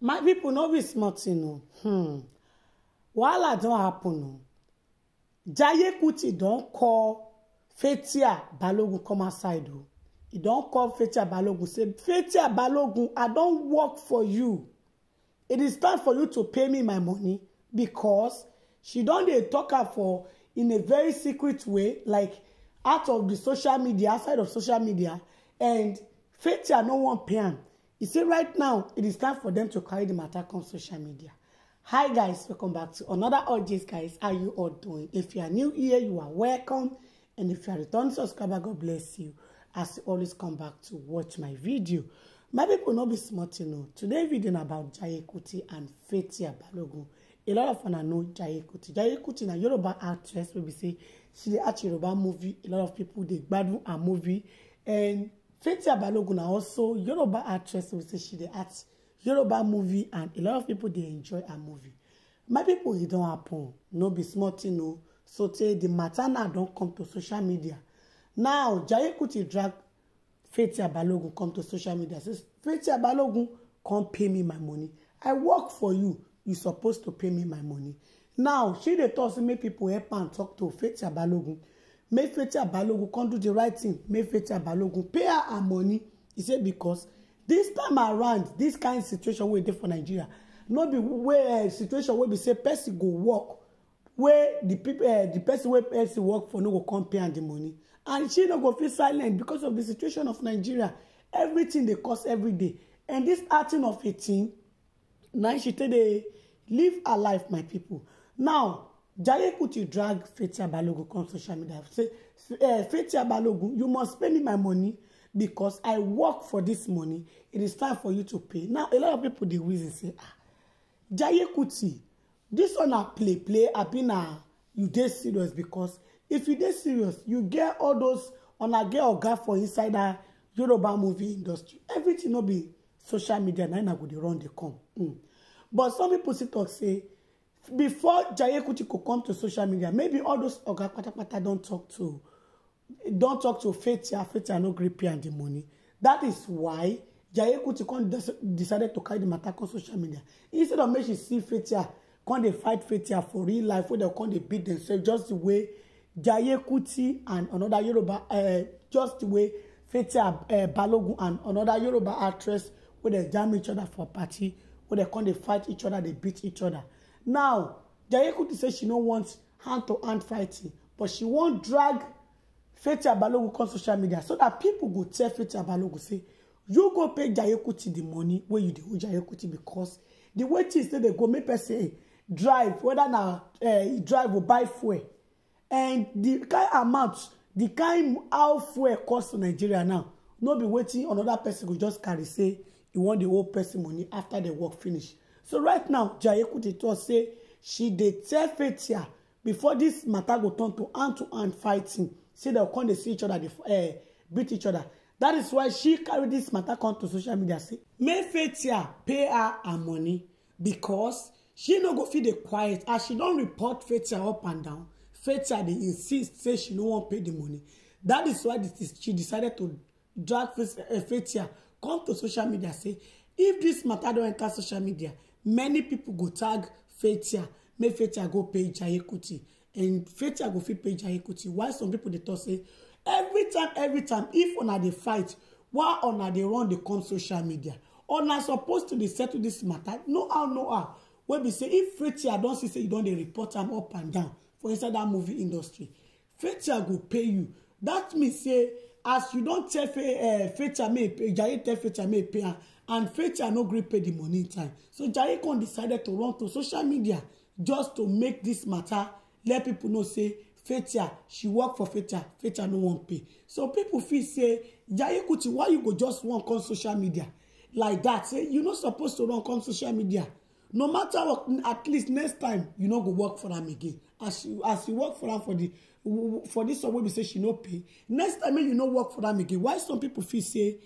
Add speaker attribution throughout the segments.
Speaker 1: my people no be small thing o hmm. wahala don happen o Jaiye don call Fetia Balogun come outside o e don call Fetia Balogun say Fetia Balogun I don work for you it is time for you to pay me my money because she don dey talk am for in a very secret way like out of the social media outside of social media and Fetia no wan pay am You see, right now, it is time for them to carry the matter on social media. Hi guys, welcome back to another audience, guys. How you all doing? If you are new here, you are welcome. And if you are a return subscriber, God bless you. As you always come back to watch my video. My people not be smart, you know. Today video about Jaiye Kuti and Fetia Balogun. A lot of people know Jaiye Kuti. Jaiye Kuti na Yoruba actress We be say she dey act Yoruba movie. A lot of people dey gbadun her movie. And Fathia Balogun na also Yoruba actress we say she dey act Yoruba movie and a lot of people they enjoy her movie. My people, e don happen. No be small thing o. So tey the matana don't come to social media. Now, Jaye Kuti drag Fathia Balogun come to social media. Says, Fathia Balogun, come pay me my money. I work for you. You supposed to pay me my money. Now, she dey toss me people help am talk to Fathia Balogun. Mayfair Balogun come do the right thing Mayfair Balogun pay her her money He say because this time around this kind of situation wey e dey for Nigeria no be wey uh, eh, situation wey be say person go work wey the people uh, the person wey person work for no go come pay am the money and she no go feel silent because of the situation of Nigeria everything dey cost every day and this acting of a thing na she take dey live her life my people now Jaiye Kuti drag fetia Balogun come social media say uh, Fathia Balogun you must pay me my money because I work for this money it is time for you to pay now a lot of people dey reason say ah Jaiye Kuti this one na play play abi na you dey serious because if you dey serious you get all those una get oga for inside that Yoruba movie industry everything no be social media na una go dey run dey come mm. but some people still talk say before Jaiye Kuti could come to social media, maybe all those oga patapata don't talk to don't talk to Fetia. Fetia no gree and the money. That is why Jaiye Kuti come decided to carry the matter on social media. Instead of make she see Fetia come dey fight Fetia for real life, Where they come dey beat themselves just the way Jaiye Kuti and another Yoruba, uh, just the way Fetia uh, eh, Balogun and another Yoruba actress where they jam each other for party, Where they come dey fight each other, they beat each other now Jaiye Kuti say she no want hand to hand fighting but she wan drag Fathia Balogun on social media so that people go tell Fathia Balogun say you go pay Jaiye Kuti the money where you dey owe Jaiye Kuti because the way she dey dey go make person drive whether now uh, eh, drive or buy fuel and the kind amount the kind how fuel cost to Nigeria now Not be wetin another person go just carry say you want the whole person money after the work finish so right now Jaiye Kuti tok say she dey tell Fetia before this matter go turn to hand to hand fighting See dem come they see each other they dey eh, beat each other That is why she carry this matter come to social media say May Fetia pay her her money because she no go feel the quiet as she don't report Fetia up and down Fetia, they insist say she no want pay the money That is why she decided to drag Fetia eh, come to social media say if this matter don't enter social media many people go tag Fetia. make Fetia go pay jai kuti and Fetia go fit pay jai kuti while some people dey talk say every time every time if una dey fight why una dey run dey come social media una suppose to dey settle dis matter no how no how wey be say if Fetia don see say you don dey report am up and down for inside dat movie industry Fetia go pay you dat mean say as you don tell eh, feta may eh, eh, jaye tell feta may pay am and feta no gree pay the money in time so jaye con decided to run to social media just to make this matter let people know say feta she work for feta feta no wan pay so people feel say jaye kuti why you go just run come social media like that? say you no suppose to run come social media no matter what at least next time you no go work for am again as you as you work for am for the for this one wey be say she no pay next time make you no work for am again why some people feel say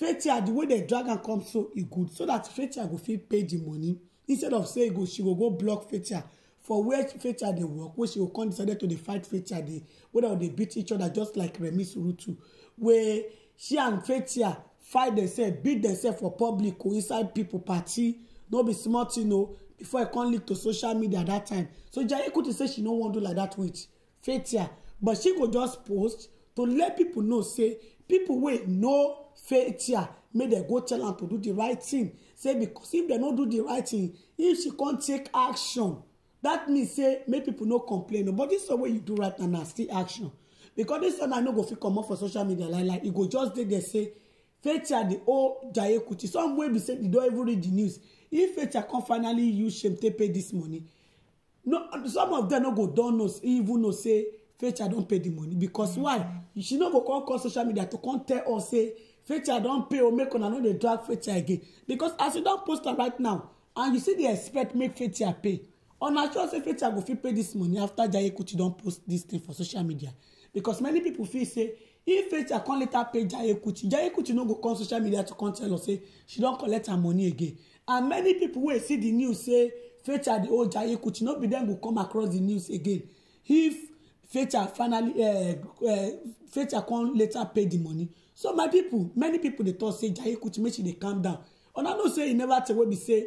Speaker 1: faithia the way dem drag am come so e good so that faithia go fit pay the money instead of say e she go go block faithia for where faithia dey work wey she go come decide to dey fight faithia dey wey dem dey beat each other just like remi surutu wey she and faithia fight themselves beat themselves for public or oh, inside pipo party no be small tin o oh, before e come leak to social media that time so jayekuti say she no wan do like that with faithia but she go just post to let people know say people wey know faithia make dem go tell am to do the right thing say because if dem no do the right thing if she can't take action that means say make people no complain but this one wey you do right now na still action because this one i no go fit comot for social media like like e go just dey there say faithia the old jaye kuti some wey be say e don even read the news if faithia come finally use shame take pay this money no some of them no go don know even know say faithia don pay the money because mm. why she no go come call social media to come tell us say faithia don pay or make una no dey drag faithia again because as you don post am right now and you see dey expect make faithia pay una sure say faithia go fit pay this money after Jaiye Kuti don post this thing for social media because many people feel say if faithia come later pay Jaiye Kuti Jaiye Kuti no go come social media to come tell us say she don collect her money again and many people wey see the news say Fetcher the old Jaiye Kuti no be dem go come across the news again if Fetcher finally uh, eh, uh, eh, Fetcher come later pay the money so my people many people dey talk say Jaiye Kuti make she dey calm down una know say e never tey wey be say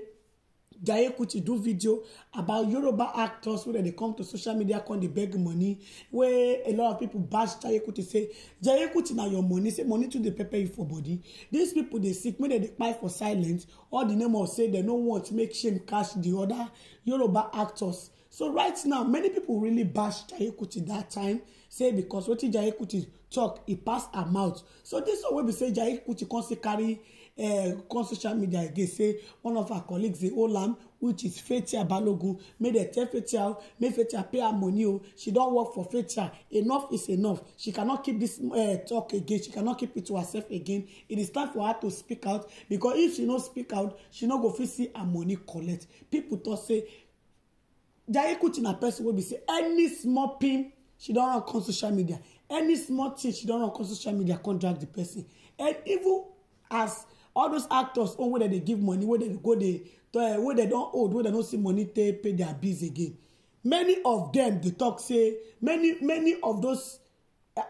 Speaker 1: Jaiye Kuti do video about Yoruba actors when they come to social media come dey beg money where a lot of people bash Jaiye Kuti say Jaiye Kuti na your money say money too dey pepper you for body these people dey sick make dem dey kpai for silence all the name of say dem no want make shame catch the other Yoruba actors so right now many people really bash Jaiye Kuti that time say because wetin Jaiye Kuti talk e pass her mouth so this one wey be say Jaiye Kuti come still carry uh, come social media again say one of her colleagues the olam which is Fathia Balogun make dem tell Fathia make Fathia pay her money o oh. she don work for Fathia enough is enough she cannot keep this uh, talk again she cannot keep it to herself again it is time for her to speak out because if she no speak out she no go fit see her money collect people talk say Jaiye Kuti na person wey be say any small pin she don run come social media any small thing she don run come social media come drag the person and even as all those actors own wey dem dey give money where they go dey eh, where they don't hold where they don't see money take pay their bills again many of them, dey talk say many many of those eh,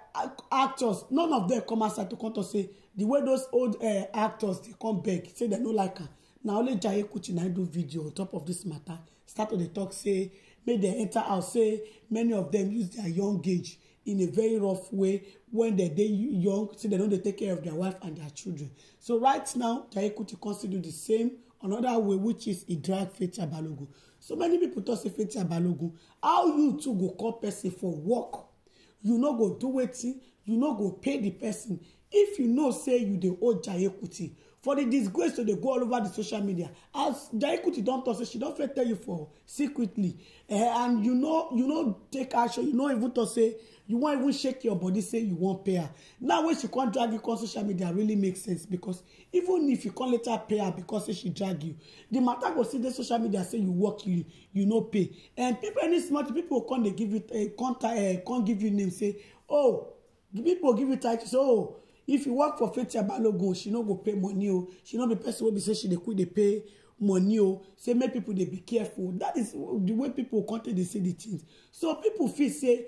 Speaker 1: actors none of them come outside to come talk say the way those old eh, actors they come back, say they no like am na only Jaiye Kuti na do video on top of this matter start to the talk say make they enter house say many of them use their young age in a very rough way when they dey young say they no dey take care of their wife and their children so right now Jaiye Kuti come still do the same another way which is he drag Fathia Balogun so many people talk say Fathia Balogun how you too go call person for work you no go do wetin you no go pay the person if you know say you dey owe Jaiye Kuti for the disgrace to dey go all over the social media as Jayekuti don talk say she don fit tell you for secretly uh, and you no you no take action you no even talk say you wan even shake your body say you wan pay her now when she come drag you come social media really make sense because even if you come later pay her because say she drag you the matter go still dey social media say you work you you no pay and people any small thing people come dey give you uh, come uh, give you name say oh people give you title say oh if you work for faithia balogun she no go pay money o she no be person wey be say she dey quick dey pay money o say make people dey be careful that is the way people come take dey say the things so people feel say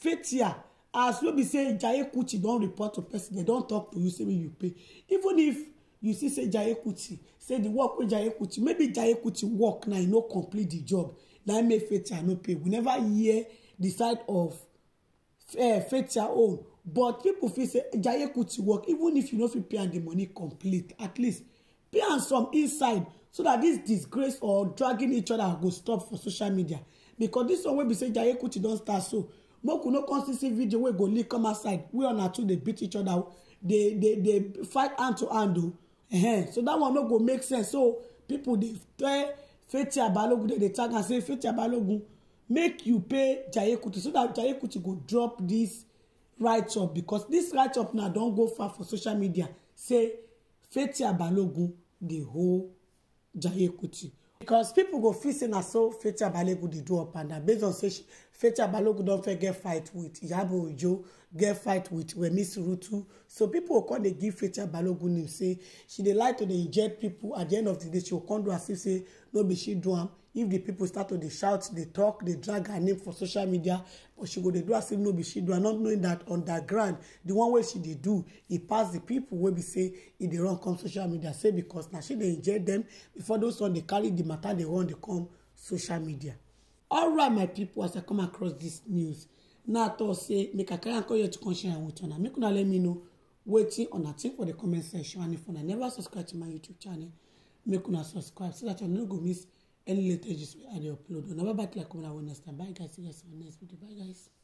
Speaker 1: faithia as wey be say jaye kuti don report to person they don talk to you say make you pay even if you see say jaye kuti say the work wey jaye kuti maybe jaye kuti work na e no complete the job na im make faithia no pay we never hear the side of uh, eh, faithia own but people feel say jaye kuti work even if you no fit pay am the money complete at least pay am some inside so that this disgrace or dragging each other go stop for social media because this one wey be say jaye kuti don start so moku no come see see video wey go leak come outside wey una two dey beat each other dey dey dey fight hand to hand o uh -huh. so that one no go make sense so pipo dey tell Feti Balogun dey dey tag am say Feti Balogun make you pay jaye kuti so that jaye kuti go drop this write up because this write up now don go far for social media say fathia balogun dey hold jayekuti because people go feel say na so fathia balogun dey do up and down based on say Fathia Balogun don first get fight with Yabo Ojo get fight with Remi Surutu so people go come dey give Fathia Balogun name say she dey like to dey inject people at the end of the day she go come do as if say no be she do am if the people start to dey shout dey talk dey drag her name for social media but she go dey do as if no be she do am not knowing that underground the one wey she dey do e pass the people wey be say e dey run come social media say because na she dey inject them before those one dey carry the matter dey run dey come social media all right my people, as i come across this news now i tok say make i carry am come here to come share with una make una let me know wetin una think for the comment section and if una never subscribe to my youtube channel make una subscribe so dat you no go miss any latest gist wey i dey upload una bye bye till i come una next time bye guys see you guys for next video bye guys.